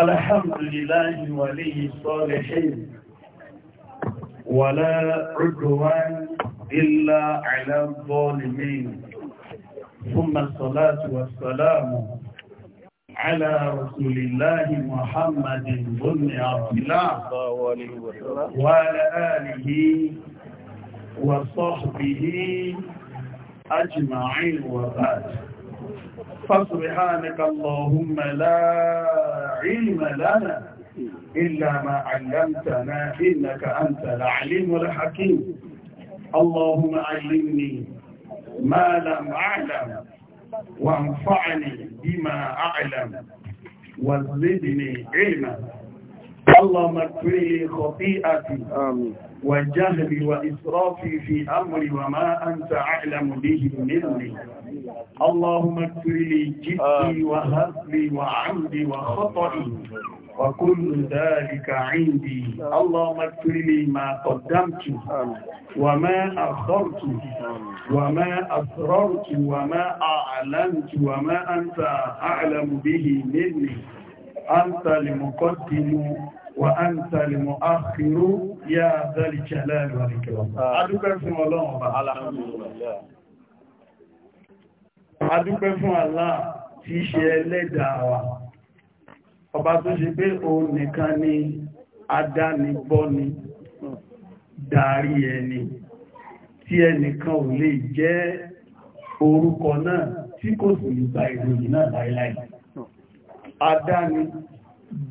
الحمد لله ولي الصالحين ولا عدوان إلا على الظالمين ثم الصلاة والسلام على رسول الله محمد بن عبد الله وعلى آله وصحبه أجمعين وبعد فسبحانك اللهم لا علم لنا إلا ما علمتنا إنك أنت العليم الحكيم اللهم علمني ما لم أعلم وانفعني بما أعلم وزدني علما اللهم اغفر لي خطيئتي آمين وجهلي وإسرافي في أمري وما أنت أعلم به مني اللهم اغفر لي جدي وهزلي وعمدي وخطئي وكل ذلك عندي اللهم اغفر لي ما قدمت وما أخرت وما أسررت وما أعلنت وما أنت أعلم به مني أنت المقدم وأنت المؤخر يا ذا الجلال والإكرام أدوكم fún Ọlọ́run Ọba alhamdulillah Adúpẹ́ fún Allah tí í ṣe ẹlẹ́dàá wa. Ọba tó ṣe pé òun nìkan ni adánibọ́ni, darí ẹni, tí ẹnìkan ò lè jẹ́ orúkọ náà tí kò sì gba ìròyìn náà láíláí. Adáni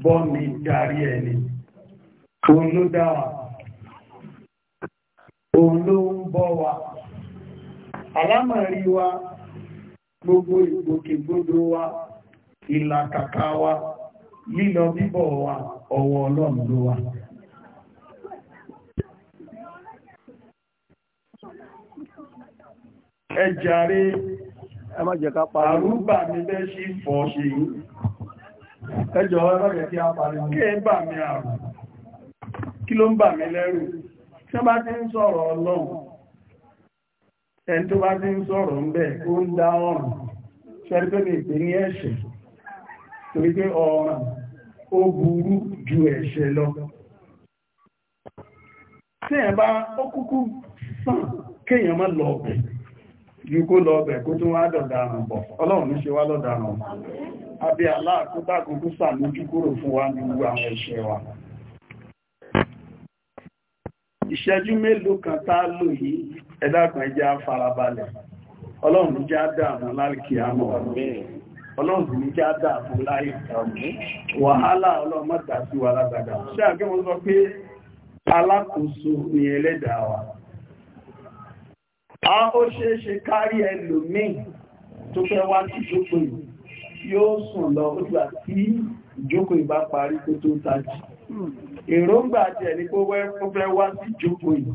bọ́ mi darí ẹni òun ló dá wa òun ló ń bọ́ wa alámọ̀rí wa gbogbo ìgbòkègbodò wa ìlàkàkà wa lílọ bíbọ̀ wa ọwọ́ ọlọ́run ló wà. ẹ jàre bẹ́ sí fọ́ ṣe yìí ẹjọ́ ọlọ́rẹ̀ tí a parí kí ń bà mí àrùn kí ló ń bà mí lẹ́rù tí wọ́n bá ti ń sọ̀rọ̀ ọlọ́run ẹni tó bá ti ń sọ̀rọ̀ ń ju ẹ̀ṣẹ̀ lọ tí bá ó kúkú sàn kéèyàn má lọ ju kó lọ kó tún abẹ́ aláàkútàkùnkú sàmójú kúrò fún wa ní gbogbo àwọn ẹ̀ṣẹ̀ wa ìṣẹ́jú mélòó kan tá lò yìí ẹ dákun ẹ jẹ́ á farabalẹ̀ ọlọ́run jẹ́ àdàmú lálìkì àmọ́ ọlọ́run sì ní jẹ́ láyé wàhálà ọlọ́run mọ́ta wa lágbàdà ṣé àgbẹ́ wọn sọ ni ẹlẹ́dàá wa a ó ṣeéṣe kárí ẹlòmíì tó fẹ́ wá sí ìjókòó yìí yóò sùn lọ oṣùgbà tí ìjókòó ìbá parí kó tó tají èròǹgbà àti ẹni kó fẹ́ wá sí ìjókòó yìí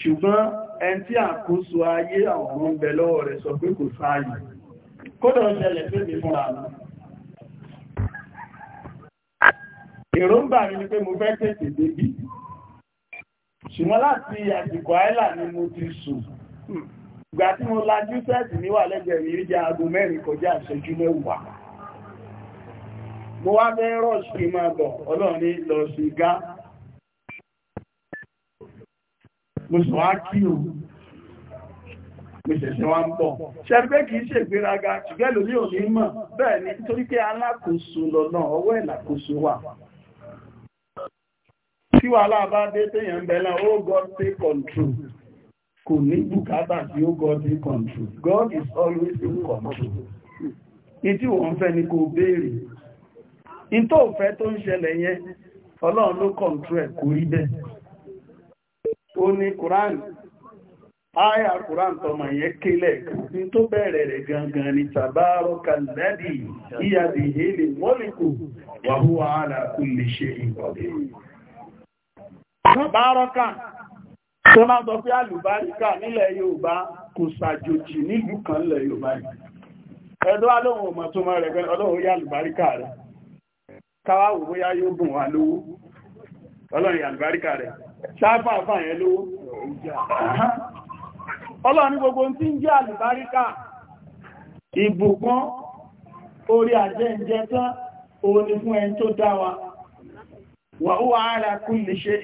ṣùgbọ́n ẹni tí àkóso ayé àwọn ọmọ ń bẹ lọ́wọ́ rẹ̀ sọ pé kò sáàyè kódà ṣẹlẹ̀ pé mi fún àmì èròǹgbà mi ni pé mo fẹ́ tètè débí ṣùgbọ́n láti àsìkò ìgbà tí mo lajú sẹ́ẹ̀sì níwà lẹ́gbẹ̀ẹ́ yìí jẹ́ mẹ́rin kọjá ìṣẹ́jú mẹ́wàá mo wá fẹ́ rọ́ọ̀ṣì máa bọ̀ ọlọ́run ní lọ sí gá mo sọ á kí o mo ṣẹ̀ṣẹ̀ wá ń bọ̀ ṣẹ́gbẹ́ kìí ṣe ìgbéraga ni wà tí dé kò ní bùkátà tí ó God in control God is always in control ìtí wọ́n fẹ́ ni kò béèrè ìtò òfẹ́ tó ń ṣẹlẹ̀ yẹn ọlọ́run ló control ẹ̀ kò rí bẹ́ẹ̀ ó ní Quran aya Quran tọmọ yẹn kélẹ̀ ní tó bẹ̀rẹ̀ rẹ̀ gangan ni tabaraka lẹ́dì ìyàdì èlè mọ́lìkù wàhúwà ala kulli shay'in qadir tó máa sọ pé àlùbáríkà nílẹ̀ Yorùbá kò ṣàjòjì nílùú kan nílẹ̀ Yorùbá ẹ̀dọ́ alóhun ọmọ tó máa rẹ̀ ọlọ́run yá àlùbáríkà rẹ̀ káwá wò bóyá yóò bùn wá lówó ọlọ́run yá àlùbáríkà rẹ̀ ṣáfàfà yẹn lówó ọlọ́run ní gbogbo tí ń jẹ́ àlùbáríkà ìbùkún orí àjẹ́ǹjẹ́ tán òun ni fún ẹni tó dá wa wà ó kú lè ṣe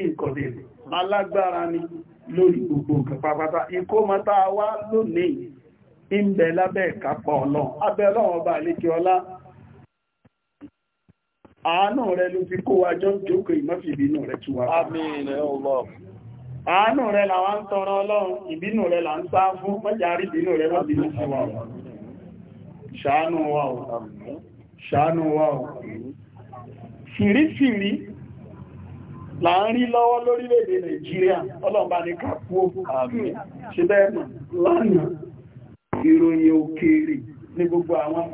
alágbára ni lórí gbogbo nǹkan pàpàtà ikó mọ́ta wá lónìí ìbẹ̀ lábẹ́ ìkápọ̀ abẹ́ ọlọ́run ọba àlékè ọlá àánú rẹ ló fi kó rẹ tú wa àánú rẹ làwa ń tọrọ ọlọ́run ìbínú rẹ là ń sá fún ìbínú rẹ wa là ń rí lọ́wọ́ lórílẹ̀-èdè Nàìjíríà ọlọ́mbà ní kàpú àmì ṣe bẹ́ẹ̀mọ̀ lánàá ìròyìn òkèèrè ní gbogbo àwọn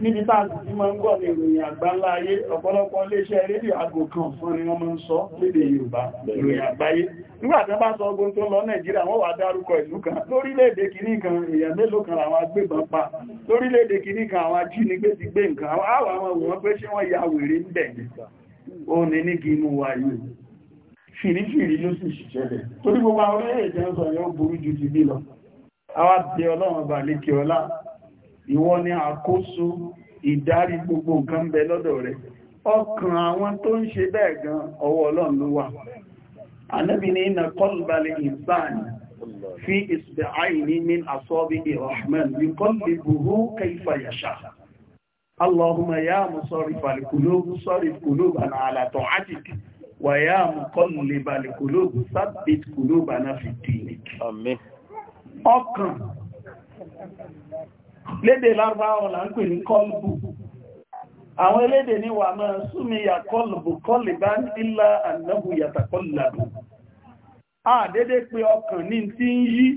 níbi táàkì tí ma ń gọ́ ní ìròyìn àgbáńlá ọ̀pọ̀lọpọ̀ iléeṣẹ́ rédíò aago kan fún ni wọ́n sọ lédè Yorùbá ìròyìn àgbáyé nígbàtí bá sọ ogun tó lọ Nàìjíríà wọ́n wà dárúkọ kan lórílẹ̀-èdè kìíní mélòó kan àwọn agbébọn pa lórílẹ̀-èdè kìíní kan ti gbé nǹkan àwọn àwọn pé ṣé wọ́n ya wèrè ń bẹ̀ ó ní ní kí wa yìí fìrífìrí ló torí gbogbo àwọn orílẹ̀-èdè ìwọ ni àkóso ìdarí gbogbo nǹkan bẹ lọ́dọ̀ rẹ̀ ọkàn àwọn tó ń ṣe bẹ́ẹ̀ gan ọwọ́ ọlọ́run ló wà anábì ní iná kọlùbalẹ̀ ìsáàni fi ìsìdẹ̀ àìní ní àsọ́bí ìrọ̀hman ní kọlùbùhú kaifa yasha allahumma ya ọkàn lédè lárúbáwọ̀ là ń pè ní kọlùbù àwọn elédè ní wà máa súnmìyà kọlùbù kọlì bá ń ilá ànábù yàtà kọlùlàbù àdédé pé ọkàn ní tí ń yí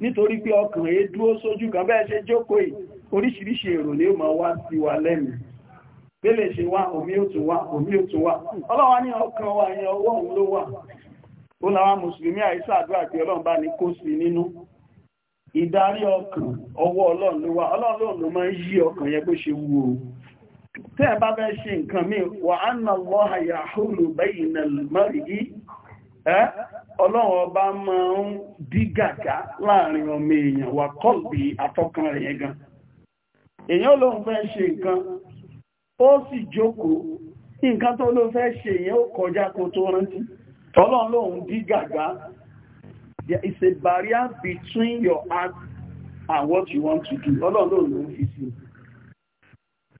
nítorí pé ọkàn èé dúó sójú kan bẹ́ẹ̀ ṣe jókòó oríṣiríṣi èrò ní ó máa wá sí wa lẹ́nu bẹ́lẹ̀ ṣe wá omi ó tún wá omi ó tún wá ọlọ́wà ní ọkàn wa yẹn ọwọ́ òun ló wà ó láwá mùsùlùmí àìsàdúrà tí ọlọ́run bá ní kó sí nínú ìdarí ọkàn ọwọ́ ọlọ́run ló máa ń yí ọkàn yẹn bó ṣe wù tẹ́ bá ṣe nǹkan míì wà á nà Allaha yahulu bayna al-mar'i ọlọ́run ọba máa ń dí gàgá láàrin ọmọ èèyàn wà atọ́kan rẹ̀ yẹn gan èèyàn fẹ́ ṣe nǹkan ó sì jókòó nǹkan tó ló fẹ́ ṣe yẹn ó kọjá kó tó rántí ọlọ́run dí gàgá There is a barrier between your heart and what you want to do. Ọlọ́run ló ń fi sí.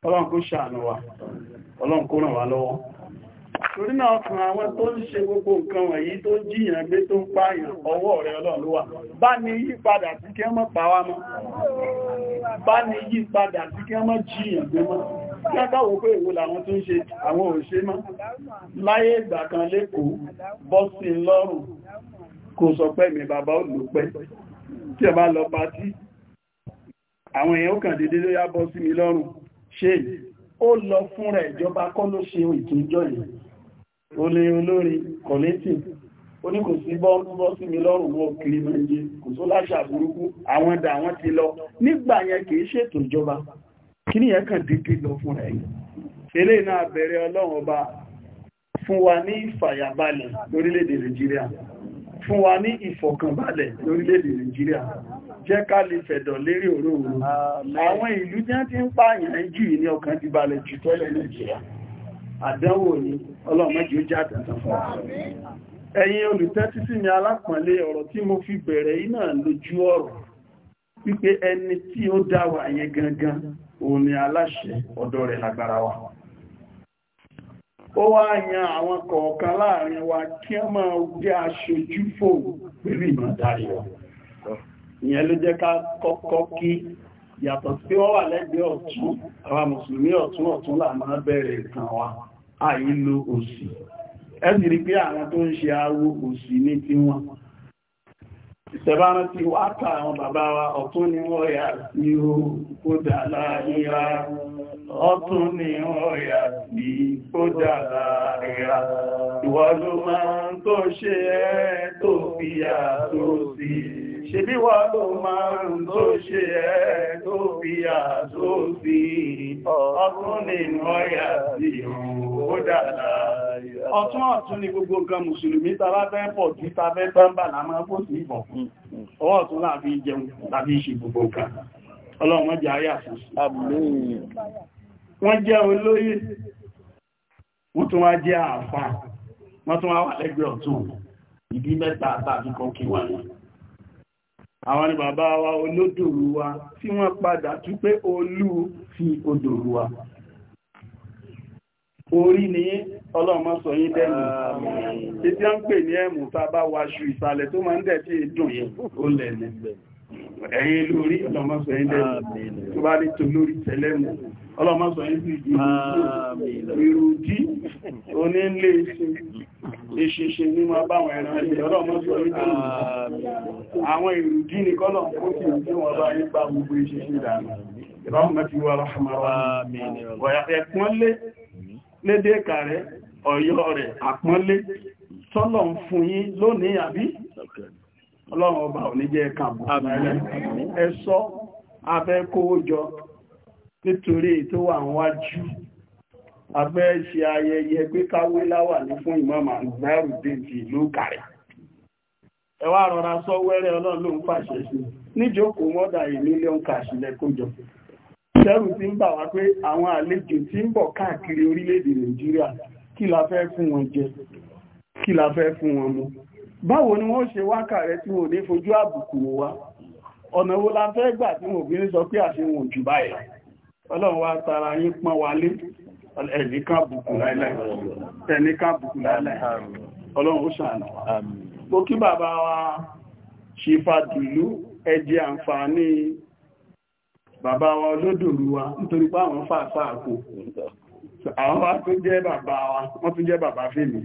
Ọlọ́run kó ṣàánú wa. Ọlọ́run kó ràn wá lọ́wọ́. Torí náà ọkùnrin àwọn tó ń ṣe gbogbo nǹkan wọ̀nyí tó ń jìyàn gbé tó ń pààyàn ọwọ́ rẹ̀ Ọlọ́run ló wà. Bá ní yí padà sí kí ọmọ pa wá mọ́. Bá ní yí padà sí kí ọmọ jìyàn gbé mọ́. Kí ọkọ̀ wò pé èwo làwọn tó ń ṣe àwọn òṣè Láyé ìgbà kan lẹ́kọ̀ọ́, bọ́sìn lọ́rùn, kó sọ pé mi bàbá ò lò pẹ́ tí ẹ bá lọ patí àwọn èèyàn ó kàn dédé ló yá bọ́ sí mi lọ́rùn ṣe ó lọ fún rẹ̀ ìjọba kọ́ ló ṣe ìtúnjọ́ yìí ó lé olórin kọ̀lẹ́tì ó ní kò sí bọ́ sí mi lọ́rùn wọ́n kiri méje kò só láṣà burúkú àwọn dà wọ́n ti lọ nígbà yẹn kìí ṣètò ìjọba kí nìyẹn kàn dédé lọ fún rẹ̀ yìí eléyìí náà bẹ̀rẹ̀ ọlọ́run ọba fún wa ní ìfàyàbalẹ̀ lórílẹ̀-èdè nàìjíríà fún wa ní ìfọ̀kànbalẹ̀ lórílẹ̀-èdè Nàìjíríà jẹ́ ká lè fẹ̀dọ̀ lérí òróòrò àwọn ìlú jẹ́ tí ń pa jù ní ọkàn ti balẹ̀ jù tọ́lẹ̀ nigeria àdánwò ni ọlọ́mọdé ó já tẹ̀sán fún eyin ẹ̀yin olùtẹ́tí ni mi ọ̀rọ̀ mo fi bẹ̀rẹ̀ iná lójú ọ̀rọ̀ wípé ẹni tí ó dá wa yẹn gangan òun ni aláṣẹ ọ̀dọ̀ wa ó wá yan àwọn kọ̀ọ̀kan láàrin wa kí a máa jẹ́ aṣojú fò pẹ̀lú ìmọ̀dárí wa ìyẹn ló jẹ́ ká kọ́kọ́ kí yàtọ̀ sí wọ́n wà lẹ́gbẹ̀ẹ́ ọ̀tún àwọn mùsùlùmí ọ̀tún ọ̀tún là bẹ̀rẹ̀ nǹkan wa àìlò òsì ẹ sì rí pé àwọn tó ń ṣe awo òsì ní tiwọn ìṣẹ̀bára ti wá ká àwọn bàbá wa ọ̀tún ni wọ́n yà sí kódà láàrínra ọ̀tún ni wọ́n yà sí kódà láàrínra ìwọ́n ló máa ń tó ṣe ẹ́ tó fi yà tó sí ṣe bí wà ló máa ń tó ṣe ẹ́ tó fi àtó fi ọdún nínú ọ̀yà sí ó dàdà. Ọ̀tún ọ̀tún ni gbogbo nǹkan Mùsùlùmí tàbá fẹ́ pọ̀ tí ta fẹ́ tánbà náà sí ìbọn fún. Ọwọ́ ọ̀tún náà jẹun tàbí ṣe gbogbo nǹkan. Ọlọ́run jẹ́ ayé àfún. Wọ́n jẹ́ olóyè, wọ́n tún wá jẹ́ àfà, wọ́n tún wá wà lẹ́gbẹ̀ẹ́ ọ̀tún. Ìdí mẹ́ta tàbí kan kí wà ní àwọn ni bàbá wa olódòrú wa tí wọ́n padà tún pé olú fi odòrú wa orí ní ọlọ́mọ sọ yí dẹ́nu títí a ń pè ní ẹ̀mù tá bá waṣu ìsàlẹ̀ tó máa ń dẹ̀ tí ìdùn yẹn ó lẹ̀lẹ̀ ẹ̀yìn lórí ọlọ́mọ sọ yí dẹ́nu tó bá ní tolórí tẹ́lẹ̀mù ọlọ́mọ sọ yí sí ìrùdí onílé ìṣẹ̀ṣẹ̀ ní ma báwọn ẹran ẹ̀ṣẹ̀ ọlọ́mọ sọ yí sí àwọn ìrùdí ní kọ́lọ̀ kó kí ní wọ́n bá yí pa gbogbo ìṣẹ̀ṣẹ̀ ìdàmà ìrọ́mọ̀tí wà rọ́hàmàrà Ọlọ́run ọba ò ní jẹ́ kàbù. Ẹ̀ṣọ́ afẹ́ kówó jọ nítorí tó wà níwájú abẹ́ ṣe ayẹyẹ pé káwé láwà ní fún ìmọ̀mà gbárùdín ti ìlú kàrẹ̀ ẹ wá rọra sọ wẹ́rẹ́ ọlọ́run ló ń pàṣẹ sí níjókòó mọ́dà ìmílíọ̀n kàṣílẹ̀ kójọ ṣẹ́rù ti ń bà wá pé àwọn àlejò tí ń bọ̀ káàkiri orílẹ̀-èdè nàìjíríà kí la fẹ́ fún wọn jẹ kí la fẹ́ fún wọn mu báwo ni wọ́n ṣe wá kàrẹ́ tí wọ́n ní fojú àbùkù wá ọ̀nà wo la fẹ́ gbà tí wọ́n obìnrin sọ pé àṣẹ wọn jù báyìí ọlọ́run wá tara yín pọ́n wa lé ẹ̀nìká bùkù láìláì ọlọ́run ó ṣàánà wa mo kí bàbá wa ṣífàdìlú ẹjẹ́ àǹfààní bàbá wa olódòrú wa nítorí pé àwọn fàáfà àkó àwọn wa tó jẹ́ bàbá wa wọ́n tún jẹ́ bàbá fèmí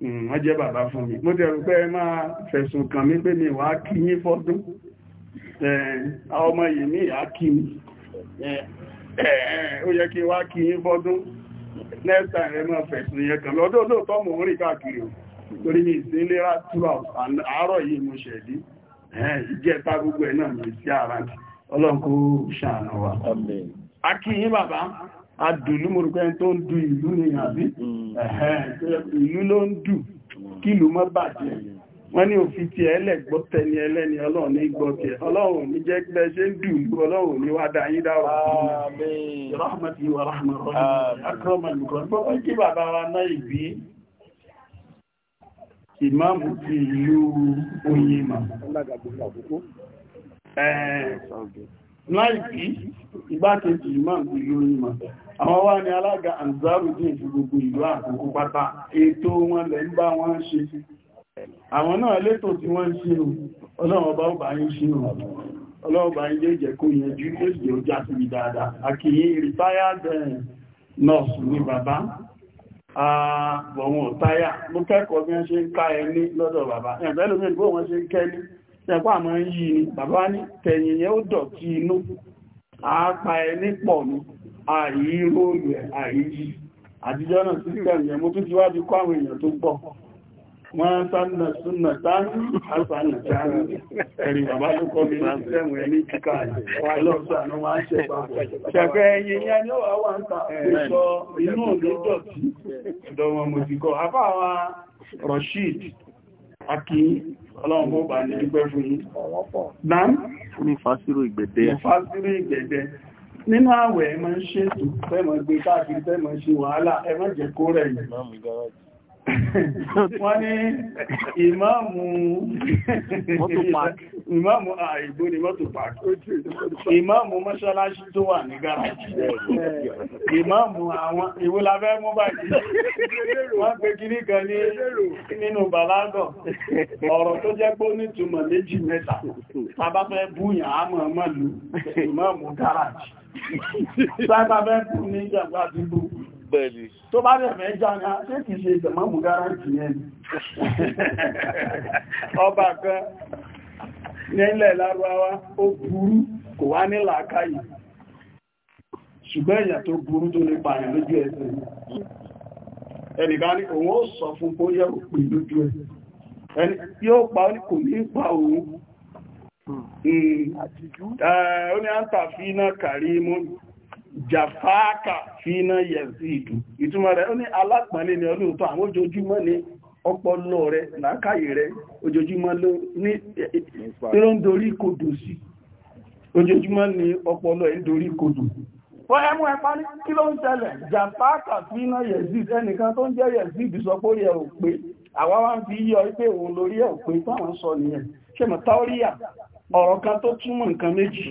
hmm, wọ́n jẹ́ bàbá fún mi mo dẹ̀rù pé máa fẹ̀sùn kàn mí pé mi wá kí yín fọ́dún ó yẹ kí wá kí yín bọ́dún nẹ́ẹ̀sà rẹ̀ máa fẹ̀sùn yẹn kan lọ́dún olóòtọ́ mò ń rìn káàkiri torí mi ìsìn lera àárọ̀ yìí mo ṣẹ̀dí ìjẹta gbogbo ẹ̀ náà mi sí ara ti ọlọ́run kó wa a kí yín bàbá adùlú mo rúkẹ́ tó ń du ni àbí mm. ìlú ló ń kí ìlú wọ́n ní òfin ti ẹlẹ́gbọ́ tẹni ẹlẹ́ni ọlọ́run ní gbọ́ tẹ ọlọ́run ní jẹ́ gbẹ́ ṣe ń dùn lú ọlọ́run ní wá dáyí ìmáàmù ti ìmáàmù àwọn wá ní alága Anzarudeen gbogbo ìlú àkókò pátá ètò wọn lẹ́ wọn ṣe àwọn náà létò tí wọ́n ń ṣínú ọlọ́run ọba ọba yìí ṣínú ọlọ́run ọba yìí jẹ́ kó yẹjú tó sì ó já síbi dáadáa àkìyí retired nurse ní bàbá àwọn táyà mú kẹ́kọ̀ọ́ bí wọ́n ṣe ń ká ẹni lọ́dọ̀ bàbá ẹ̀bẹ́ lómi ìgbó wọ́n ṣe ń kẹ́ni ṣẹ̀pọ̀ àmọ́ ń yí ni bàbá ní tẹ̀yìn yẹn ó dọ̀tí inú àápa ẹni pọ̀ ní àìrí róòlù ẹ̀ àìyí àtijọ́ náà sí wọ́n sánà súnà sáàrùn àsánà sáàrùn ẹ̀rì bàbá tó kọ́ mi ní sẹ́mù ẹni kíkà wà lọ́sà ní wọ́n ṣe pàpọ̀ ṣẹ̀fẹ́ ẹ̀yìn yẹn ni ó wà wà ń ta ẹ̀ṣọ́ inú òní dọ̀tí ìdọ̀wọ̀n mo ti kọ́ afá wa Rashid Aki ọlọ́run bó bá ní dúpẹ́ fún yín nam fún ìfásírò ìgbẹ̀dẹ́ ìfásírò ìgbẹ̀dẹ́ nínú àwẹ̀ ẹ ṣètò fẹ́ gbé káàkiri fẹ́ ṣe wàhálà ẹ má kó rẹ̀ yìí wọ́n ní ìmáàmù ìmáàmù àìgbó ni mọ́tò pàkì ìmáàmù mọ́ṣálásí tó wà ní gáràjì ìmáàmù àwọn ìwúlafẹ́ mú báyìí wọ́n pé kìrí kan ní nínú bàlágọ̀ ọ̀rọ̀ tó jẹ́ pé ó ní túmọ̀ méjì mẹ́ta tàbáfẹ́ búyàn àmọ̀ mọ́lú ìmáàmù gáràjì tàbáfẹ́ bú ní ìjàmbá bẹ́ẹ̀ni tó bá rẹ̀ mẹ́jà ní ṣé kìí ṣe ìtẹ̀mọ́mù gárájì yẹn ọba kan nílẹ̀ lárúwáwá ó burú kò wá ní làákàyè ṣùgbọ́n èyàn tó burú tó lè pààyàn lójú ẹsẹ̀ ẹnìkan ní òun ó sọ fún kó òpin lójú ẹsẹ̀ yóò jàfáàkà fínà yẹ̀sìdù ìtumọ̀ rẹ̀ ó ní ni ọlọ́ọ̀tọ́ àwọn ojoojúmọ́ ni ọpọlọ rẹ̀ làákàyè rẹ̀ ojoojúmọ́ ló ní ló ń sí ojoojúmọ́ ni ọpọlọ ẹ̀ ń dorí ẹmú ẹpá ní kí ló ń ṣẹlẹ̀ jàfáàkà fínà yẹ̀sìdù ẹnìkan tó ń jẹ́ yẹ̀sìdù sọ pé ẹ̀ ò pé àwa wá ń fi yọ pé òun lórí ẹ̀ ò pé táwọn sọ nìyẹn ṣe mọ̀ ọ̀rọ̀ kan tó túmọ̀ nǹkan méjì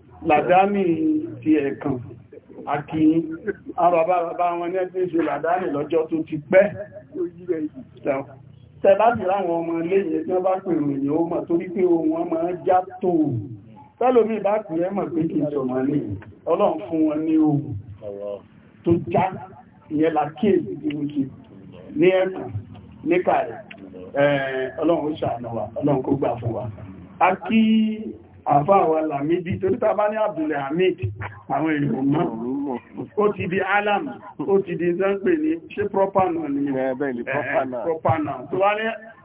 làdámì ti ẹ̀kàn àkìyìn àrọ̀bàbà wọn ní ẹgbẹ́ ìṣẹ́ làdámì lọ́jọ́ tó ti pẹ́ tẹ́láti láwọn ọmọ léyìn tí wọ́n bá pè ròyìn ó mọ̀ torí pé ohun wọn máa já tó tẹ́lómi bá pè ẹ́ mọ̀ pé kì í sọmọ ní ọlọ́run fún wọn ní ohun tó já ìyẹn làkíyèsí tí ó ṣe ní ẹ̀kàn níkàrẹ̀ ọlọ́run ó ṣàánú wa ọlọ́run kó gbà fún wa a kí àfá àwọn alamidi torí tá bá ní Abdul Hamid àwọn èèyàn mọ́ ó ti di alam ó ti di zangbe ní ṣe propanal ní propanal tó wá ní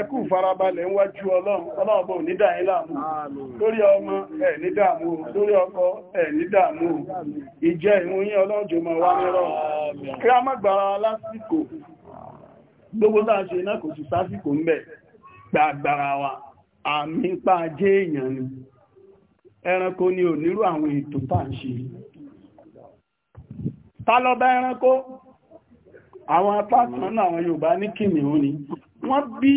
ẹkù farabalẹ̀ wájú ọlọ́run ọlọ́ọ̀bọ̀ ní dáyín láàmú lórí ọmọ ẹ̀ ní dààmú lórí ọkọ ẹ̀ ní dààmú ìjẹ ìhun ọlọ́jọ́ ma wá nírọ̀ kí a má gbára lásìkò gbogbo kò sì sásìkò ń bẹ̀ gbàgbàrà wa àmì pa ajé èèyàn ni ẹranko ni àwọn ètò tá ṣe ta lọ bá ẹranko àwọn apá kan náà àwọn Yorùbá ní kìnìún ni wọ́n bí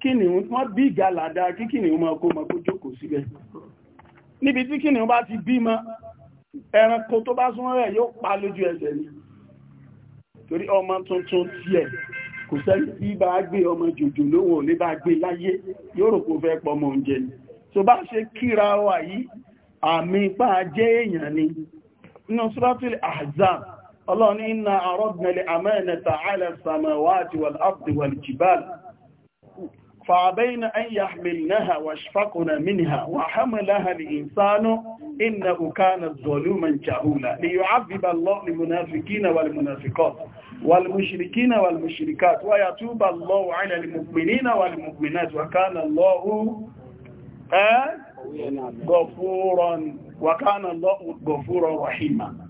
kìnìún wọ́n bí ìgalà dáa kí kìnìún máa kó máa kó jókòó síbẹ̀ níbi tí kìnìún bá ti bímọ ẹranko tó bá súnmọ́ rẹ̀ yóò pa lójú ẹsẹ̀ ni torí ọmọ tuntun tiẹ̀ kò sẹ́ni tí bá gbé ọmọ jòjò lóhun ò lè bá gbé láyé yóò rò kó fẹ́ pọ̀ ọmọ oúnjẹ ni tó bá ṣe kíra wà ni inú suratul Ahzab اللهم إنا أردنا لأمانة على السماوات والأرض والجبال فأبين أن يحملنها واشفقنا منها وحملها الإنسان إنه كان ظلوما جهولا ليعذب الله المنافقين والمنافقات والمشركين والمشركات ويتوب الله على المؤمنين والمؤمنات وكان الله غفورا وكان الله غفورا رحيما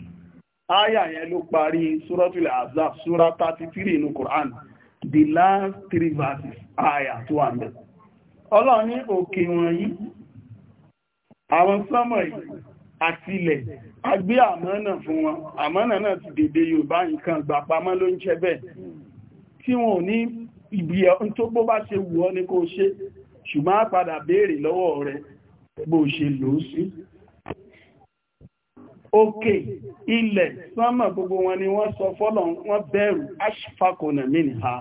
áyà yẹn ló parí suratul azab sura 33 inú Quran the last three verses áyà tó wà mẹ́ ọlọ́run ní òkè wọ̀nyí àwọn sánmọ̀ yìí àti ilẹ̀ a gbé àmọ́nà fún wọn àmọ́nà náà ti dèdè Yorùbá nǹkan gbà pamọ́ ló ń ṣe bẹ́ẹ̀ tí wọn ò ní ibi ẹ̀ tó bó bá ṣe wù ọ́ ní kó ṣe ṣùgbọ́n á padà béèrè lọ́wọ́ rẹ̀ bó ṣe lòó sí oke ilẹ̀ sánmà gbogbo wọn ni wọ́n sọ fọ́lọ̀ wọ́n bẹ̀rù ashfakona ha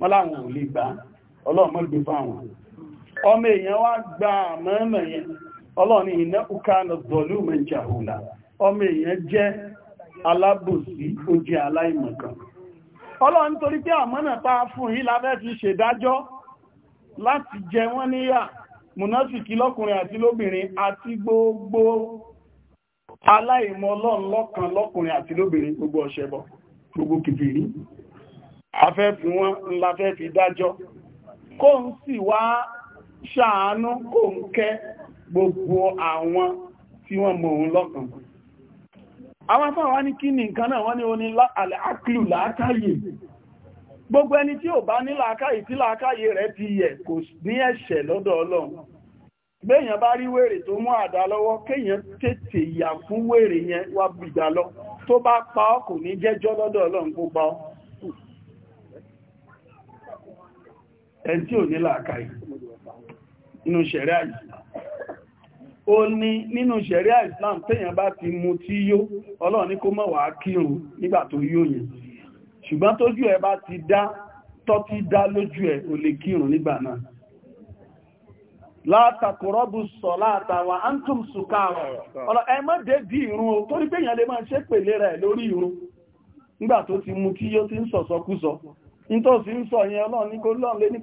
wọ́n láwọn ò lè ọmọ èèyàn ọmọ jẹ́ alábòsí ó aláìmọ̀kan ọlọ́ọ̀ni torí pé àmọ́nà fún yìí láti jẹ wọ́n níyà mùnáfìkì lọ́kùnrin àti aláìmọ̀ ọlọ́run lọ́kan lọ́kùnrin àti lóbìnrin gbogbo ọ̀ṣẹbọ gbogbo kìfìrí afẹ́ fi wọ́n ńlá fẹ́ fi dájọ́ kó ń sì wá ṣàánú kó ń kẹ́ gbogbo àwọn tí wọ́n mọ̀ òun lọ́kan àwọn afáwá ní kí ni nǹkan náà wọ́n ní oní àkìlù làákàyè gbogbo ẹni tí ò bá ní làákàyè tí làákàyè rẹ̀ ti yẹ̀ kò ní ẹ̀ṣẹ̀ lọ́dọ̀ ọlọ́run béèyàn bá rí wèrè tó mú àdá lọ́wọ́ kéèyàn tètè yà fún wèrè yẹn wá gbìgbà lọ tó bá pa ọ́ kò ní jẹ́jọ́ lọ́dọ̀ ọlọ́run kó pa ọ́ ẹni tí ò ní làákàyè nínú ṣẹ̀ríà àìsàn. ó ní nínú ṣẹ̀ríà àìsàn téèyàn bá ti mu tí yó ọlọ́run ní kó má wá kírun nígbà tó yó yẹn ṣùgbọ́n tójú ẹ bá ti dá tọ́ ti dá lójú ẹ ò lè kírun nígbà náà látàkùrọ́bù sọ látàwà antum ọ̀rọ̀ ẹ má ìrún di ìrun o torí pé èèyàn lè máa ṣe pèlè rẹ̀ lórí ìrún nígbà tó ti mú kí yóò ti ń sọ̀sọkúsọ nítòsí ń sọ yẹn ní lé ní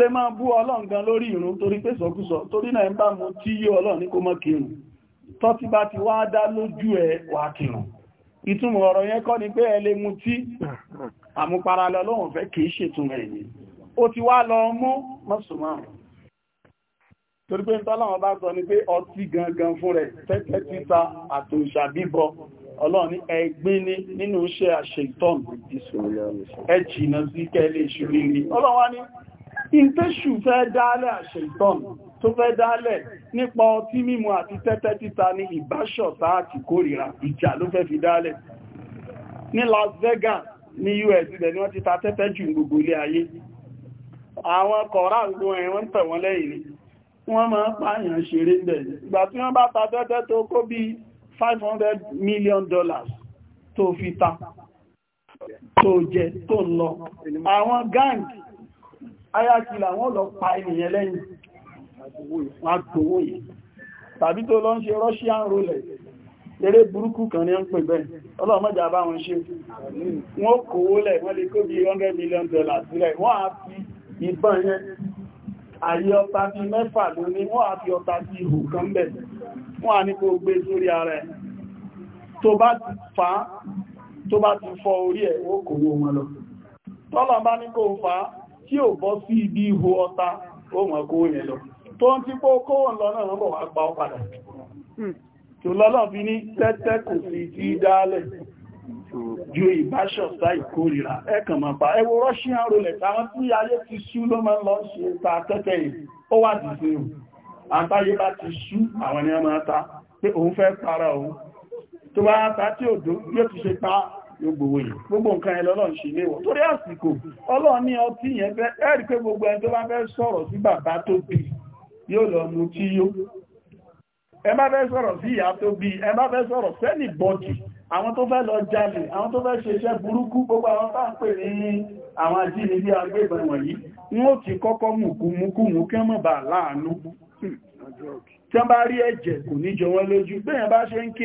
lè máa bú lórí torí pé sọkúsọ torí náà ń bá mú tí yóò tó ti bá ti wá dá ó ti wá lọ mú mọ́sùmọ́ torí pé tọ́lọ́wọ́n bá sọ ní pé ọtí gangan fún rẹ̀ tẹ́tẹ́ títa àtòṣà bíbọ ọlọ́run ní ẹgbín ní nínú iṣẹ́ àṣetọ́n ẹ jìnà sí kẹ́lẹ̀ ìṣúrí ní ọlọ́wà ní ìtẹ́ṣù fẹ́ dálẹ̀ àṣetọ́n tó fẹ́ dálẹ̀ nípa ọtí mímu àti tẹ́tẹ́ títa ní ìbáṣọ̀tá àti kórìíra ìjà ló fẹ́ fi dálẹ̀ ní Las Vegas ní US ibẹ̀ ni wọ́n ti ta tẹ́tẹ́ jù gbogbo ilé ayé àwọn kọ̀ọ̀rá gbọ́ ẹ̀wọ́n ń tẹ̀ wọ́n lẹ́yìn ni wọ́n máa ń pààyàn ṣeré bẹ̀ ìgbà tí wọ́n bá ta tẹ́tẹ́ tó kó bí 500 million dollars tó fi ta tó jẹ tó lọ àwọn gang ayákìlà wọ́n lọ pa ènìyàn lẹ́yìn wọ́n àgbòwò yìí tàbí tó lọ ń ṣe Russian roulette eré burúkú kan ní ń pè bẹ́ẹ̀ ọlọ́mọjà bá wọn ṣe wọ́n kòwó lẹ̀ wọ́n lè kó bí 100 million dollars sílẹ̀ wọ́n á fi ìbọn yẹn àyè ọta bí mẹ́fà ló ní wọ́n àti ọta bí ihò kan bẹ̀ wọ́n a ní kó gbé sórí ara ẹ̀ tó bá ti fà á tó bá ti fọ orí ẹ̀ ó kò wó wọn lọ tọ́lọ̀ bá ní kó fà á tí ò bọ́ sí ibi ihò ọta ó mọ̀ kó yẹn lọ tó ń ti pó kówó lọ náà wọ́n bọ̀ wá pa ọ́ padà hmm. tó lọ́lọ́ fi ní tẹ́tẹ́ kò sí ti dálẹ̀ ju ìbáṣọ̀tá ìkórìíra ẹkàn máa pa ẹwọ russian roulette àwọn tí ayé ti sú ló máa ń lọ ṣe ta tẹ́tẹ́ yìí ó wà dìde o àtàyé bá ti sú àwọn ni a máa ta pé òun fẹ́ para òun tó bá ta tí òdó yóò ti ṣe ta yóò gbowó yìí gbogbo nǹkan ẹ lọ́lọ́run ṣe léwọ̀ torí àsìkò ọlọ́run ọtí yẹn fẹ́ ẹ̀rí pé gbogbo ẹni tó bá fẹ́ sọ̀rọ̀ sí bàbá tó bí yóò lọ mú tí yó ẹ bá fẹ́ sọ̀rọ̀ sí ìyá tó bí ẹ bá fẹ́ sọ̀rọ̀ sẹ́nì bọ́dì àwọn tó fẹ́ lọ jalè àwọn tó fẹ́ ṣe iṣẹ́ burúkú gbogbo àwọn bá ń pè ní àwọn ajínigbé agbébọn wọ̀nyí wọ́n ti kọ́kọ́ mùkúmùkúmù kí wọ́n bá láàánú tí wọ́n bá rí ẹ̀jẹ̀ kò ní jọ wọ́n lójú bẹ́yàn bá ṣe ń kí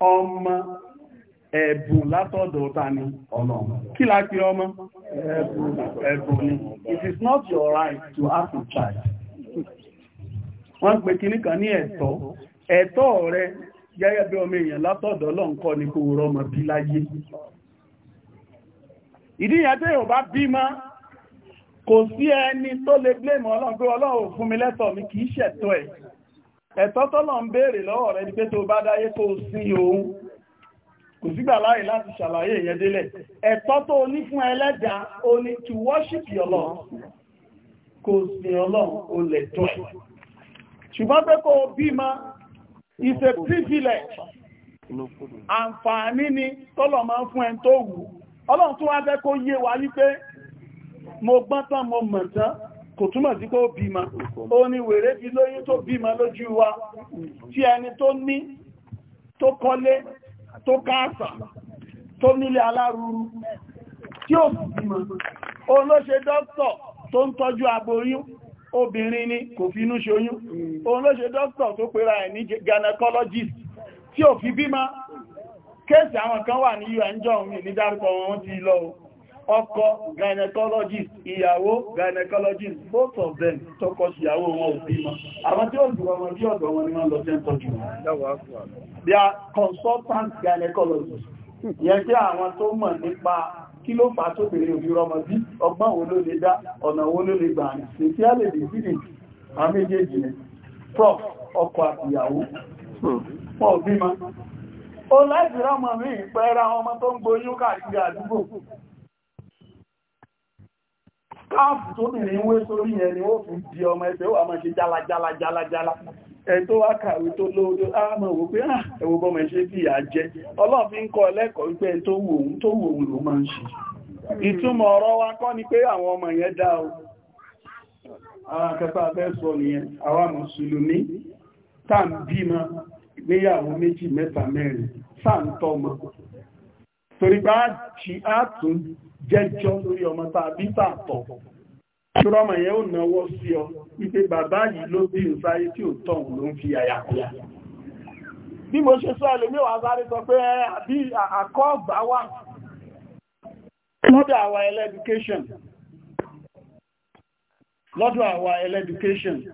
ọmọ ẹ̀bùn látọ̀dọ̀ ta ni ọ̀nà kí la ọmọ ẹ̀bùn ni it is not your right to ask a child wọ́n pè kí níkan ní ẹ̀tọ́ ẹ̀tọ́ rẹ gẹ́gẹ́ bí ọmọ èèyàn látọ̀dọ̀ lọ́nkọ́ ni kò rọmọ bí láyé ìdíyàn tẹ́ ò bá bímọ kò sí ẹni tó lè blame ọlọ́run pé ọlọ́run ẹ̀tọ́ tọ́lọ̀ ń béèrè lọ́wọ́ rẹ̀ ni pé tó bá dáyé kó sin òun kò sígbà láàyè láti ṣàlàyé ìyẹn délẹ̀ ẹ̀tọ́ tó ní fún ẹlẹ́dàá o ní to worship your Lord kò sin ọlọ́run o lè tọ́ ẹ̀ ṣùgbọ́n pé kó bímọ is a privilege àǹfààní ni tọ́lọ̀ máa ń fún ẹni tó wù ọlọ́run kò túmọ̀ sí kó bímọ ó ní wèrè bí lóyún tó bímọ lójú wa tí ẹni tó ní tó kọ́lé tó káàsà tó nílé aláruru tí ó bímọ ó ló ṣe dókítọ̀ tó ń tọ́jú aboyún obìnrin ni kò fi inú ṣoyún ó ló ṣe dókítọ̀ tó pera ẹ̀ ní gynecologist tí ò fi bímọ kéèsì àwọn kan wà ní un john ní dárúkọ wọn ti lọ ọkọ gynecologist ìyàwó gynecologist both of them tọ́kọ síyàwó wọn ò bímọ àwọn tí ó dùn ọmọ bí ọ̀dọ̀ wọn ni wọ́n lọ sẹ́ntọ́ jù they are consultant gynecologists yẹn tí àwọn tó mọ̀ nípa kí ló fà tó bèèrè wo ló lè dá ọ̀nà wo ló lè gbà ní a lè sí ní prof ọkọ ó láìsí skáàfù tó bìnrin wé sórí yẹn ni ó di ọmọ ẹgbẹ́ wà máa ṣe jala ẹ jala wá kàwé tó lóòdó àmọ́ wò pé ah, ẹwọ bọ́mọ̀ ṣe bí ìyà jẹ́ ọlọ́fin ń kọ́ ẹlẹ́kọ̀ọ́ wípé wa nipe jẹjọ lórí ọmọ tá bí tààtọ̀ ṣúrọ́mọ̀ yẹn ò náwọ́ sí ọ wípé bàbá yìí ló bí ìsáyé tí ò tọ̀ ló ń fi bí mo ṣe sọ sáré sọ pé àbí wà lọ́dọ̀ lọ́dọ̀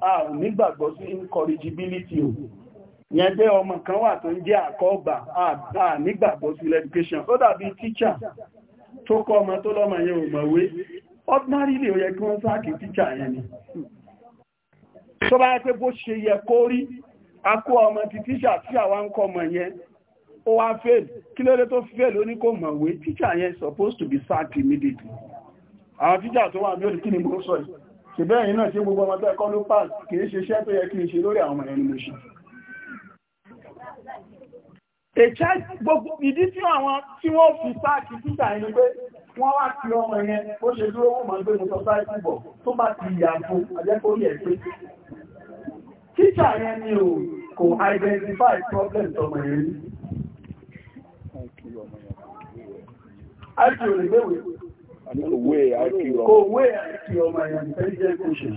a ò nígbàgbọ́ sí incorrigibility o yẹn ọmọ kan wà tó ń jẹ́ a nígbàgbọ́ sí ó dàbí teacher tó kọ́ ọmọ tó lọ́mọ yẹn ò mọ̀wé ordinary lè yẹ kí wọ́n sáàkì tíjà yẹn ni tó bá yẹ pé bó ṣe yẹ kó rí a kó ọmọ ti tíjà tí àwa ń kọ́ ọmọ yẹn ó wá fail kí lóde tó fail ó ní kó mọ̀wé tíjà yẹn supposed to be sacked immediately àwọn tíjà tó wà ní òdì kí ni mo sọ yìí ṣùgbọ́n ẹ̀yin náà ṣe gbogbo ọmọ tó ẹ̀kọ́ ló pass kì í ṣe iṣẹ́ tó yẹ kí n ṣe lórí àwọn ọmọ yẹn ni mo ṣe èṣẹ́ gbogbo ìdí tí àwọn tí wọ́n fi páàkì títà ẹni pé wọ́n wá ti ọmọ yẹn ó ṣe dúró wọ́n mọ̀ pé mo sọ sáì púpọ̀ tó bá ti yàgò àjẹ́kórí ẹ̀ pé títà yẹn ni ò kò identify problem tọmọ yẹn rí IQ ò lè gbéwèé kò wé IQ ọmọ yẹn intelligent quotient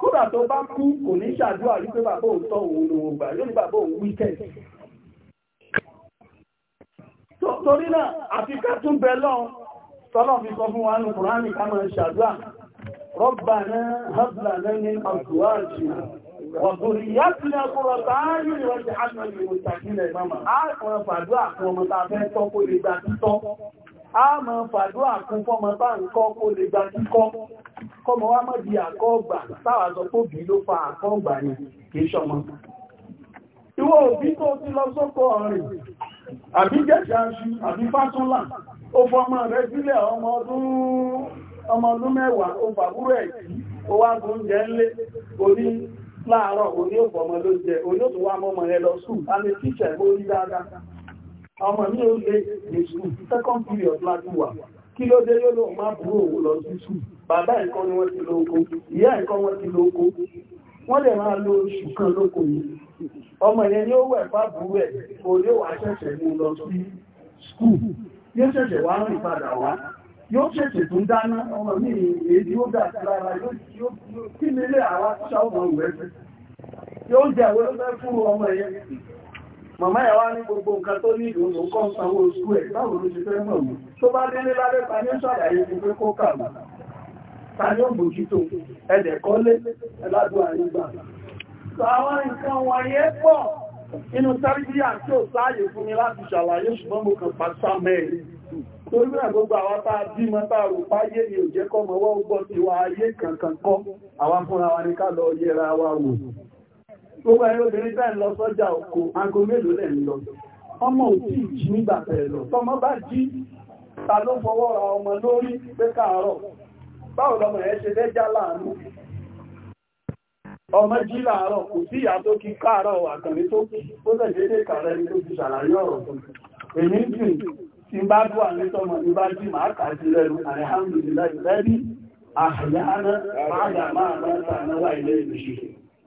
kódà tó bá kú kò ní ṣàdúrà wípé bàbá òun tọ́ òun lòun gbà yóò ní bàbá òun wíkẹ̀ torí náà àfi ká tún bẹ lọ tọ́lọ̀ fi sọ fún wa ní kùránì ká máa ṣàdúrà rọ́bàná hábùlànà ní àdúwájì wàbùrìyàtìlẹ̀ kúrọ̀ táàrí ìrọ̀jẹ̀ àjọ ìròyìn ìtàkìlẹ̀ ìmọ̀mọ̀ a mọ̀ fàdó àkún fọ́mọ bá ń kọ́ kó lè gba kíkọ́ kọmọ wá mọ́ di àkọ́ọ̀gbà táwà sọ pé òbí ló fa àkọ́ọ̀gbà ni kìí ṣọmọ ìwọ òbí tó ti lọ sóko ọ̀rìn àbí jẹ́jẹ́ aṣú àbí fásúnlà ó fọmọ rẹ̀ sílẹ̀ ọmọ ọdún mẹ́wàá ó fàbúrò ẹ̀ tí ó wá gún jẹ ńlé orí láàárọ̀ orí òfọmọ ló jẹ orí òtún wá mọ́mọ rẹ̀ ọmọ ní ó lè lè sùn second period láti wà kí ló dé yóò lóun máa burú òun lọ sí sùn bàbá ẹ̀kọ́ ni wọ́n ti lo oko ìyá ẹ̀kọ́ wọ́n ti lo oko wọ́n lè máa lo oṣù kan lóko yìí ọmọ yẹn ni ó wẹ̀ fábù ẹ̀ kò yóò wá ṣẹ̀ṣẹ̀ mú lọ sí skul yóò ṣẹ̀ṣẹ̀ wá rìn padà wá yóò ṣẹ̀ṣẹ̀ tún dáná ọmọ mi èdè ó dà sí lára yóò kí nílé àwa ṣáwọn ọmọ ìwẹ́ yóò jẹ́ àwọn ẹgbẹ́ fún ọmọ yẹn màmá ẹ̀wá ní gbogbo nǹkan tó ní ìlú ló kọ́ sanwó oṣù ẹ̀ báwo ló ṣe fẹ́ mọ̀ mú tó bá dé ní lábẹ́ ta ní ó ṣàlàyé ti pé kó kàwé ta ní ó bòjútó ẹ̀dẹ̀ kọ́lé ẹ̀ládùn àyígbà sọ àwọn nǹkan wọ̀nyẹn pọ̀ inú tẹ́rìbíyà tí ó sáàyè fún mi láti ṣàlàyé ṣùgbọ́n mo kàn pàṣà mẹ́rin torí náà gbogbo àwọn a bí mọ́ tá a rò páyé ni ò jẹ́ kọ́ mọ́wọ́ gbọ́ tiwa ayé kankan kọ́ àwọn fúnra gbogbo ẹ̀rọ obìnrin bẹ́ẹ̀ lọ sọ́jà oko aago mélòó lẹ̀ ń lọ ọmọ ò jí nígbà bẹ̀rẹ̀ lọ tọmọ bá jí ta ló fọwọ́ ra ọmọ lórí pé káàárọ̀ báwo lọmọ ẹ̀ ṣe lẹ́jà láàánú ọmọ jí láàárọ̀ kò sí ìyá tó kí káàárọ̀ tó ó ní tó ṣàlàyé ọ̀rọ̀ èmi ń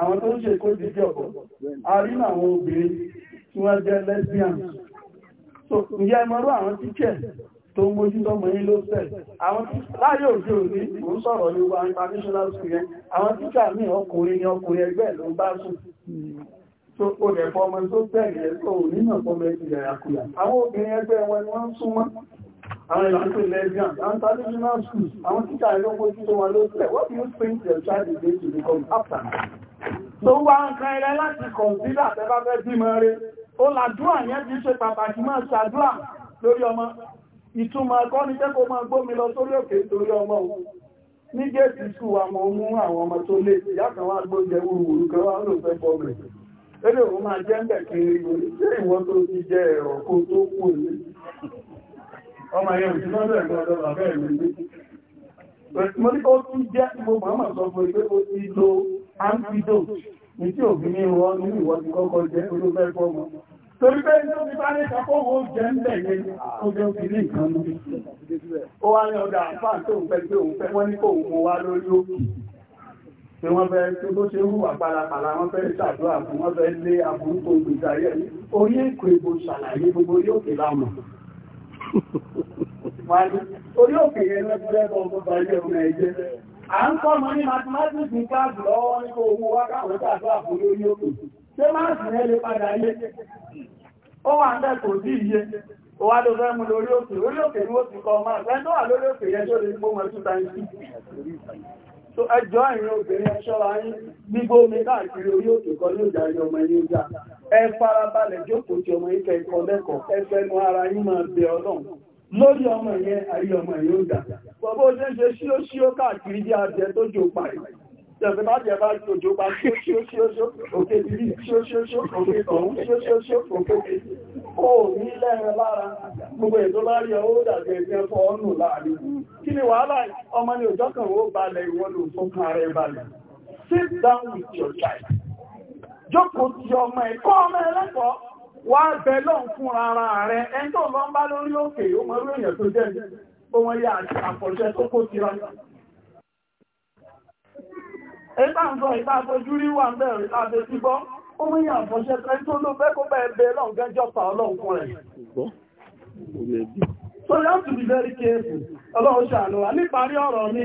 àwọn tó ń ṣe kó jíjẹ́ ọ̀pọ̀ a rí àwọn obìnrin tí wọ́n jẹ́ lesbian so ìyá ẹmọ́rú àwọn tíkẹ̀ tó ń mójú tọ́mọ yí ló fẹ́ àwọn láyé òjò ní mò ń sọ̀rọ̀ ní wa international school yẹn àwọn tíkà mi ọkùnrin ni ọkùnrin ẹgbẹ́ ló bá sùn so ó dẹ̀ fọ ọmọ tó bẹ̀rẹ̀ ẹ̀ tó nínà fọmọ ẹ̀ ìyà àkùlà àwọn obìnrin ẹgbẹ́ wọn ni wọ́n ń súnmọ́ àwọn ìlànà lesbian and traditional schools àwọn tíkà ẹ̀ ló mójú tó wọn what do you think your child is going to become after gbogbo nǹkan ẹrẹ láti kọ̀ǹsídà tẹ́bá fẹ́ bímọ rẹ̀ ó làdúrà yẹn ti ṣe pàtàkì máa ṣàdúrà lórí ọmọ ìtumọ̀ ẹ̀kọ́ ní jẹ́ kó máa gbómi lọ sórí òkè torí ọmọ òun ní gẹ́ẹ̀sì ṣù àwọn mú àwọn ọmọ tó lè yàtọ̀ wá gbóúnjẹ wúruwúru kan wá ló fẹ́ bọ́ rẹ̀ eré òun máa jẹ́ ń bẹ̀ kiri ṣé ìwọ́n tó ti jẹ ẹ̀rọ kó tó kù ní ọmọ yẹn òtún lọ́dọ̀ ẹ̀gbọ́n ọdọ́ bàbá ẹ̀rọ ilé mo ní kó tún jẹ́ mo mọ̀ọ́mọ̀ sọ fún ẹgbẹ́ ó ti lo antidote ní tí òfin ní wọ́n ní ìwọ́ ti kọ́kọ́ jẹ́ olóbẹ́ fọ́mọ́ torí pé tó ti bá ní ṣàkóhò jẹ́ ń bẹ̀ yẹn ó jẹ́ òfin ní nǹkan ní ó wá ní ọ̀dà àfáà tó ń pẹ́ pé òun fẹ́ wọ́n ní kò mú wá lórí òkè tí wọ́n fẹ́ tí ó ṣe hùwà pàlàpàlà wọ́n fẹ́ ṣàdúrà fún wọ́n fẹ́ lé àbúrúkọ ìgbésàyẹ̀ orí èkó ìbò ṣàlàyé gbogbo orí òkè lámọ̀ orí lọ́pẹ́ ọgbọ́gbà ilẹ̀ à ń kọ́ mọ́ ní mathematics ní káàdù lọ́wọ́ nípa owó wákàwọ́ tàbí àfòrí orí òkú ṣé máa sì rẹ̀ lè padà yé ó wà ń bẹ́ kò sí iye ó wá ló fẹ́ wà lórí òkè tó lè mọ́ ẹjọ́ ìrìn obìnrin gbígbó omi káàkiri orí òkè kan ọmọ ẹ farabalẹ̀ jókòó ti ọmọ ara lórí ọmọ yẹn àrí ọmọ yẹn ó dà bọ́bọ́ ó ṣe ṣe ṣíó ṣíó káàkiri bí adìẹ tó jò parí ṣẹ̀fẹ̀ bá jẹ bá jò jò pa ṣíó ó ní ó balẹ̀ sit down with your child jókòó ti ọmọ ẹ̀kọ́ ọmọ ẹlẹ́kọ̀ọ́ wá bẹ̀lọ́n fún ara rẹ̀ ẹni tó lọ ń bá lórí òkè ó mọ̀ orí èèyàn tó jẹ́ ó wọ́n yá tó kó tira ẹgbà ń sọ wà bẹ̀rẹ̀ láti ti bọ́ ó mọ̀ yá tó ló fẹ́ kó bẹ̀ẹ̀ bẹ̀lọ́n gẹ́jọ́ pa ọlọ́run fún rẹ̀ so you have to be very careful ọlọ́run ṣàánú wa níparí ọ̀rọ̀ mi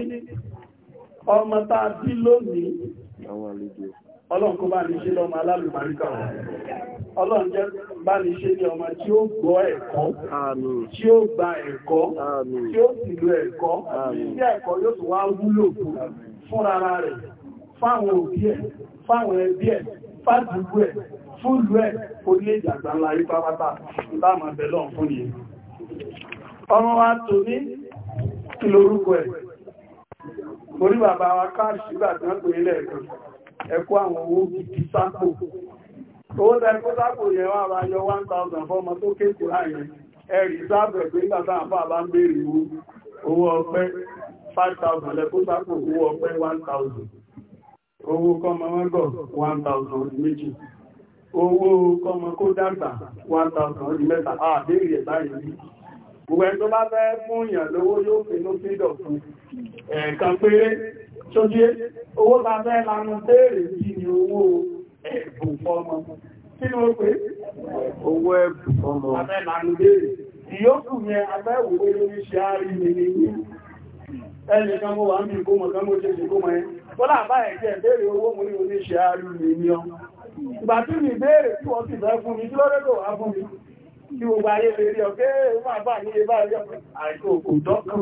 ọmọ tá a bí lónìí ọlọ́run kó bá ní ṣe lọ́mọ alálùbáríkà ọlọ́run jẹ́ bá ní ṣe ní ọmọ tí ó gbọ́ ẹ̀kọ́ tí ó gba ẹ̀kọ́ tí ó sì lo ẹ̀kọ́ tí ẹ̀kọ́ yóò tún wá wúlò fún ara rẹ̀ fáwọn òbí ẹ̀ fáwọn ẹbí ẹ̀ fádùúgbò ẹ̀ fúlù ẹ̀ kò ní ìjàgbà ńlá rí pápátá ìbámọ̀ bẹ̀lọ́ fún ni ọmọ wa tò ní kí lorúkọ ẹ̀ orí bàbá wa káàṣì gbà tí wọ́n pè é lẹ́ẹ̀kan ẹkọ́ àwọn owó gidi sápò owó tẹ́kọ́ sápò yẹn wà bá yọ 1000 fọ́mọ tó kéèkù láyẹn ẹ̀rì sápò ẹ̀kọ́ nígbàtà àpá bá ń béèrè owó ọpẹ́ 5000 lẹ́kọ́ sápò owó ọpẹ́ 1000 owó kọmọ mọ́gọ̀ 1000 méjì owó kọmọ kó dàgbà 1000 mẹ́ta àbẹ́rẹ̀ báyìí gbogbo ẹ̀ tó bá fẹ́ fún ìyàn lówó yóò fi ló fídọ̀ fún ẹ̀ẹ̀kan péré ṣojú owó tàbẹ́ lánà tẹ́rẹ yìí ni owó ẹ̀bùn fọ́mọ kí ni ó pé owó ẹ̀bùn fọ́mọ tàbẹ́ lánà tẹ́rẹ ìyókù yẹn abẹ́wò olórí ṣe àárí mi ní ní ẹni kan mọ́ wà ń bí kó mọ̀ kan mọ́ ṣe ṣe kó mọ̀ ẹ́ bọ́lá àbá ẹ̀jẹ́ ìbéèrè owó mú ní orí ṣe àárí mi ní ọ ìgbà tí mi béèrè tí wọ́n ti bẹ́ fún mi kí lọ́rẹ́ tó wá fún mi kí gbogbo ayé lè rí ọ̀gẹ́ ìwọ̀n àbá ní ebá ẹjọ́ àìkò kò dọ́kàn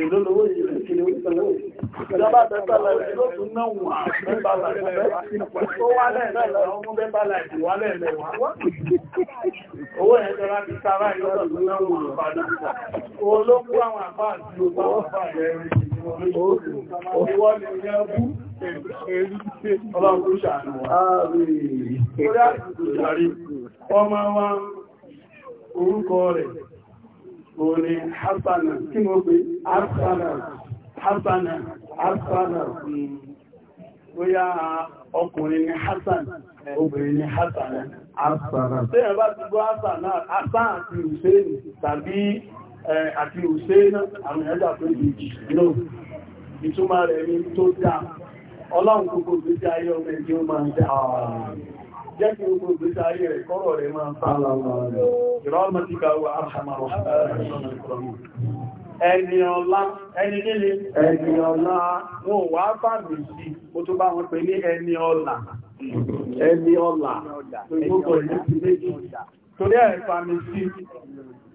èlò lówó ìlú kí ni ó tẹ̀lé òṣì ìjọba bẹ́bàlá ìlú tún náà wà bẹ́bàlá ìlú wà lẹ́ẹ̀lẹ́ ọmọ bẹ́bàlá ìlú wà lẹ́ẹ̀lẹ́ wà owó ẹ̀ẹ́jọra ti sára ìlú tún náà wà bàdàn olókùn àwọn àbá àti ọgbà ọgbà ẹ̀rí ìwọ́n ni ó yẹ́ bú ọlọ́run ṣàánú wà òní hasana kí mo pé hasana ọkùnrin ni hasan obìnrin ni hasana hasana tí ẹ bá ti gbọ́ hasana hasan àti hussein tàbí àti hussein àwọn ẹ̀dà tó ìjì lò ìtumọ̀ rẹ̀ ni tó dáa ọlọ́run gbogbo ìgbésí ayé ọmọ ẹ̀jẹ̀ ó máa jẹ́ kí gbogbo ìgbésí ayé rẹ̀ rẹ̀ máa ń sáàlá ìrọ́mọ̀tíkà wà áhàmàrọ̀ ẹni ọlá ẹni ẹni ọlá ẹni ọlá ẹni ọlá tó fàmì sí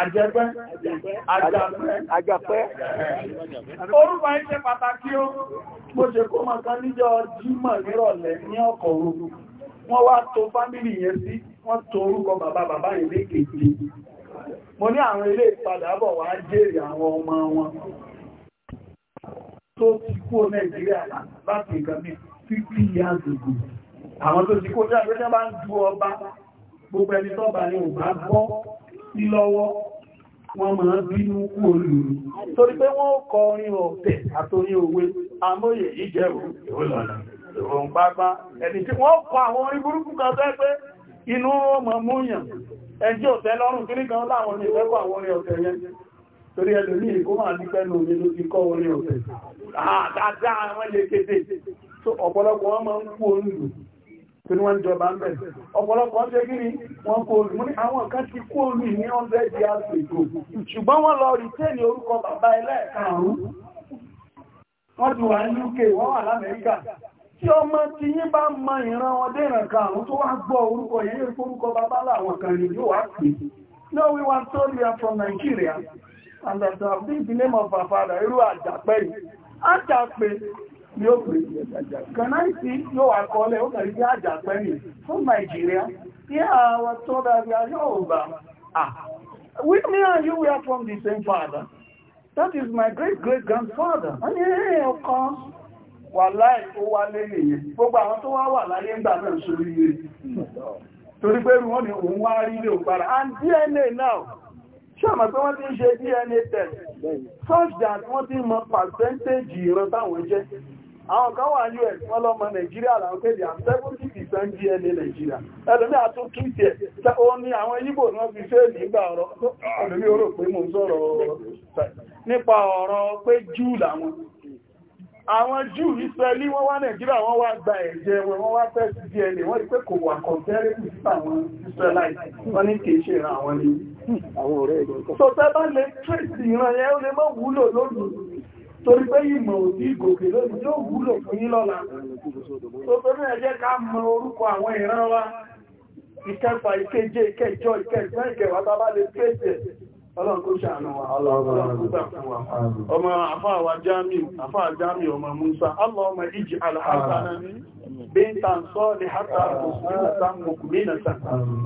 Àjẹgbẹ́, àjàpẹ́, àjàpẹ́. Orúkọ yìí pàtàkì ó, mo ṣe kó mọ̀ kan níjọ́ Jímọ̀ nírọ̀lẹ́ ní ọkọ̀ òru. Wọ́n wá tó fámílì yẹn sí, wọ́n tó orúkọ bàbá bàbá yìí lékèèjì. Mo ní àwọn ilé ìpadàbọ̀ wá jèrè àwọn ọmọ wọn tó ti kó Nàìjíríà láti Àwọn tó ti kó sí lọ́wọ́ wọ́n máa bínú kú olùrù torí pé wọ́n kọ orin ọ̀tẹ̀ àtorí òwe amóyè ìjẹ̀rù ìwòlọ́nà ìròhùn pápá ẹni kí wọ́n kọ kan láwọn ní àwọn ọ̀tẹ̀ yẹn torí máa ní pẹ́nu omi ló ti kọ́ ọ̀tẹ̀ àdáadáa wọ́n lè kéde ọ̀pọ̀lọpọ̀ wọ́n máa ń tí wọ́n jọba ń bẹ̀. ọ̀pọ̀lọpọ̀ ṣe ni kò mú ní àwọn kan ti kú omi ní 100 years ago ṣùgbọ́n wọ́n lọ rí tẹ́ni orúkọ bàbá ẹlẹ́ẹ̀karùn-ún ti wà ní UK wọ́n wà l'Amẹ́ríkà tí ọmọ yín bá mọ ìran ọdẹ ìran karùn-ún tó wá gbọ́ orúkọ yẹn bàbá kan ní no we want to be from Nigeria and that uh, the name of our father irú àjàpẹ́ yìí yóò pè é ìjàjà kanáìsì yóò àkọọ́lẹ̀ ó kàrí bí àjà pẹ́yìn fún Nàìjíríà tí àwọn tó dára yóò bá ah we me and you we are from the same father that is my great great grandfather wọ́n ní ẹ̀rẹ́ ọkàn wà láì ó wá lẹ́yìn yẹn gbogbo àwọn tó wá wà láyé ńgbà náà sórí yẹn torí pé wọ́n ní òun wá rí ilé òpara and DNA now ṣọ́mọ̀ pé wọ́n ti ń ṣe DNA test such that wọ́n ti mọ percentage ìran táwọn jẹ́ àwọn kan wà ní US wọ́n lọ́mọ Nàìjíríà làwọn kéde 70% DNA Nàìjíríà ẹlòmí àtún túnṣẹ́ tẹ́ o ní àwọn Yíbò náà fi ṣe nígbà ọ̀rọ̀ ọ̀lùmí orò pé mo sọ̀rọ̀ nípa ọ̀rọ̀ pé jù làwọn àwọn jù Israeli wọ́n wá Nàìjíríà wọ́n wá gba ẹ̀jẹ̀ wọn wọ́n kò wà sí àwọn wọ́n ní kìí ṣe ìran àwọn torí pé ìmọ̀ òdí ìgòkè lónìí yóò wúlò fún yín lọ́la tó torí ẹ jẹ́ ká mọ orúkọ àwọn ìran wa ìkẹfà ìkeje ìkẹjọ ìkẹsàn ìkẹwàá tábá lè pèsè ọlọ́run kó ṣàánú wa ọlọ́run kó gbà fún wa ọmọ àfáàwà jamiu àfáà jamiu ọmọ musa allahumma iji alhassana بنت صالحة حتى مسلمة مؤمنة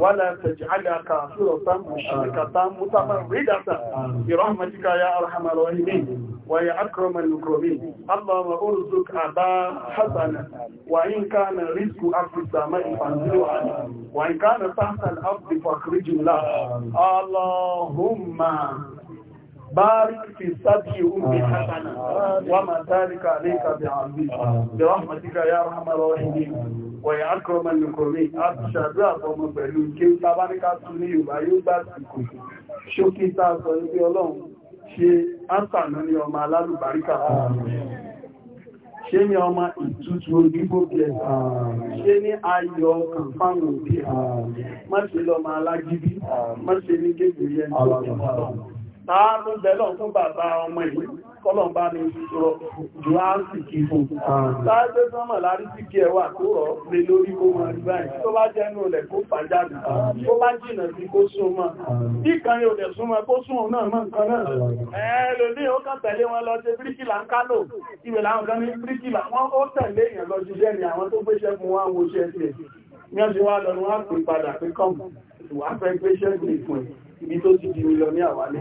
ولا تجعلها كافرة مشركة متمردة برحمتك يا أرحم الراحمين ويا أكرم المكرمين اللهم ارزق أبا حسنا وإن كان رزق في السماء فانزلوا عليه وإن كان تحت الأرض فاخرجوا له اللهم ما بارك في صدق أمي حسنا وما ذلك عليك بعظيم برحمتك يا رحمة الراحمين ويا أكرم المكرمين أشهد أن pẹ̀lú kí n tàbá ní ká tún ní Yorùbá yóò gbà sí kò ṣókí tá a sọ ní pé Ọlọ́run ṣe áńtà ní ọmọ alálùbáríkà ṣe ní ọmọ ìtútù onígbò blẹ̀ ṣe ní ayọ̀ ọkàn fáwọn òbí má ṣe lọ́mọ alágídí má ṣe ní kékeré ẹni tó kọ́lọ̀n bá ní ìṣòro jùláńsì kí fún sáájé sánmà lárí sí kí ẹwà tó rọ̀ lè lórí kó mọ̀ rí báyìí tó bá jẹ́ ní olè kó pàjáde tó bá jìnà sí kó súnmọ́ bí kan yóò dẹ̀ súnmọ́ kó sún òun náà nǹkan náà ẹ̀ẹ́ lò ní ó kàn tẹ̀lé wọn lọ sí bíríkìlà ń kálò ibẹ̀ làwọn kan ní bíríkìlà wọn ó tẹ̀lé èèyàn lọ jíṣẹ́ ni àwọn tó gbéṣẹ́ fún wọn wo ṣẹ́ sí ẹ̀ ní ọjọ́ wa lọ ni wọ́n á pè ibi tó ti di mílíọ̀ní àwálé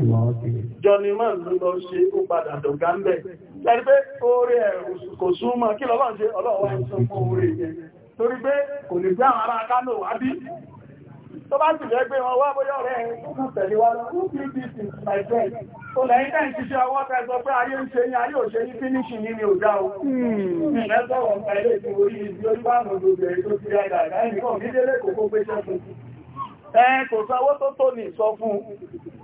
johnny man ló lọ ṣe ó padà dọ̀gá ń bẹ̀ lẹ́rí pé oore ẹ̀ kò súnmọ́ kí lọ́wọ́ ṣe ọlọ́wọ́ ń sọ fún oore yẹn torí pé kò lè gbé àwọn ará kánò wá bí tó bá sì lẹ́gbẹ́ wọn wá bóyá ọ̀rẹ́ ẹ̀ tó kàn tẹ̀lé wa lọ fún pdp my friend tó lẹ́yìn tẹ́ ìṣiṣẹ́ ọwọ́ o mẹ́sọ̀rọ̀ hmm. ọ̀pá ilé ẹ kò sanwó tó tó ní ìsọ fún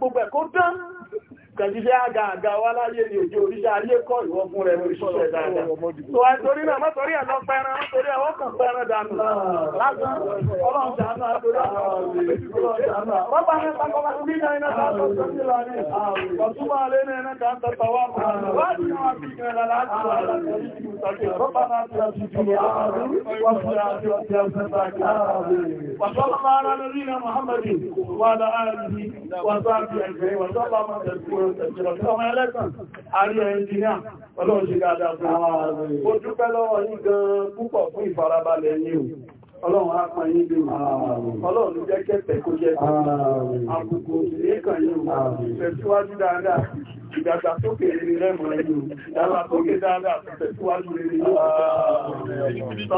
gbogbo ẹ̀ kó dán kàjíṣẹ́ àgàgà wá láyé ní òjò oríṣẹ́ ayé kọ́ ìwọ fún rẹ̀ oríṣẹ́ dáadáa. tó wá torí náà mọ́torí ẹ̀lọ pẹran torí ẹwọ́ kan dànù lásán ọlọ́run dànù àtòrí àwọn وصلى على نبينا محمد وعلى آله وصحبه أجمعين وسلم تسليما ìjọ̀lọ̀kẹ́lọ́mọ ẹlẹ́sàn àrí ẹnjìníà ọlọ́run ṣe dáadáa fún àwọn ààrẹ ó dúpẹ́ lọ́wọ́ yín gan púpọ̀ á pa yín bíi ọlọ́run jẹ́ kẹ́tẹ̀ kó jẹ́ àbùkù ìlékàn yín o tẹ̀síwájú dáadáa ìdàgbàsókè rere rẹ̀mọ̀ ẹ̀yìn ìdàgbàsókè dáadáa tẹ̀síwájú rere yín